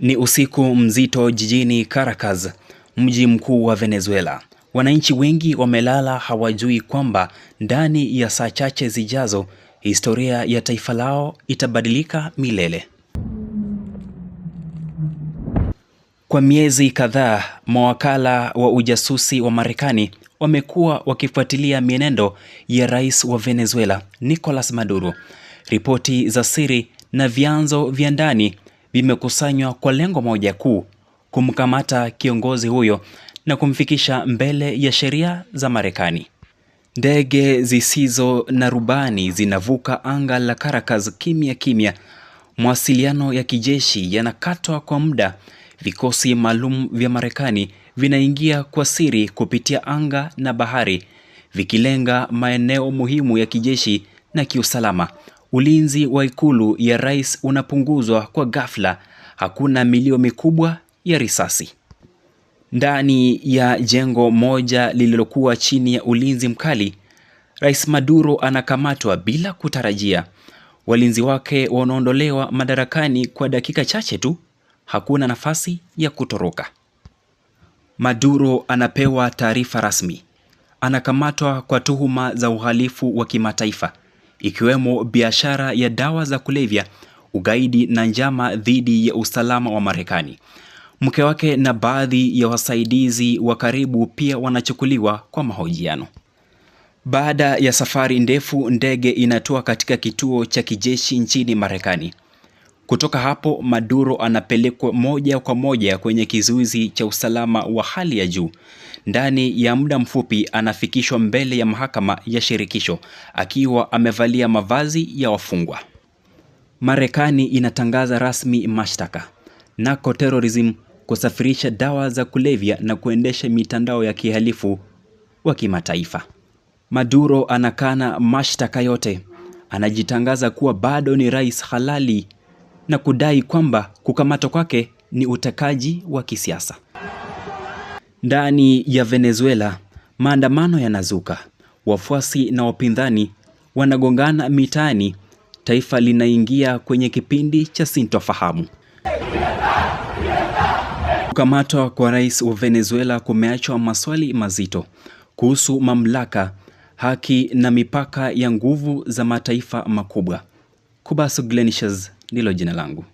Ni usiku mzito jijini Caracas, mji mkuu wa Venezuela. Wananchi wengi wamelala hawajui kwamba ndani ya saa chache zijazo historia ya taifa lao itabadilika milele. Kwa miezi kadhaa, mawakala wa ujasusi wa Marekani wamekuwa wakifuatilia mienendo ya rais wa Venezuela, Nicolas Maduro. Ripoti za siri na vyanzo vya ndani vimekusanywa kwa lengo moja kuu, kumkamata kiongozi huyo na kumfikisha mbele ya sheria za Marekani. Ndege zisizo na rubani zinavuka anga la Caracas kimya kimya. Mawasiliano ya kijeshi yanakatwa kwa muda. Vikosi maalum vya Marekani vinaingia kwa siri kupitia anga na bahari, vikilenga maeneo muhimu ya kijeshi na kiusalama. Ulinzi wa ikulu ya rais unapunguzwa kwa ghafla, hakuna milio mikubwa ya risasi. Ndani ya jengo moja lililokuwa chini ya ulinzi mkali, Rais Maduro anakamatwa bila kutarajia. Walinzi wake wanaondolewa madarakani kwa dakika chache tu. Hakuna nafasi ya kutoroka. Maduro anapewa taarifa rasmi. Anakamatwa kwa tuhuma za uhalifu wa kimataifa ikiwemo biashara ya dawa za kulevya, ugaidi na njama dhidi ya usalama wa Marekani. Mke wake na baadhi ya wasaidizi wa karibu pia wanachukuliwa kwa mahojiano. Baada ya safari ndefu, ndege inatua katika kituo cha kijeshi nchini Marekani. Kutoka hapo Maduro anapelekwa moja kwa moja kwenye kizuizi cha usalama wa hali ya juu. Ndani ya muda mfupi anafikishwa mbele ya mahakama ya shirikisho akiwa amevalia mavazi ya wafungwa. Marekani inatangaza rasmi mashtaka nako terrorism, kusafirisha dawa za kulevya na kuendesha mitandao ya kihalifu wa kimataifa. Maduro anakana mashtaka yote, anajitangaza kuwa bado ni rais halali na kudai kwamba kukamatwa kwake ni utekaji wa kisiasa. Ndani ya Venezuela, maandamano yanazuka, wafuasi na wapinzani wanagongana mitaani, taifa linaingia kwenye kipindi cha sintofahamu. Kukamatwa kwa rais wa Venezuela kumeachwa maswali mazito kuhusu mamlaka, haki na mipaka ya nguvu za mataifa makubwa. Kubasu Glenishes ndilo jina langu.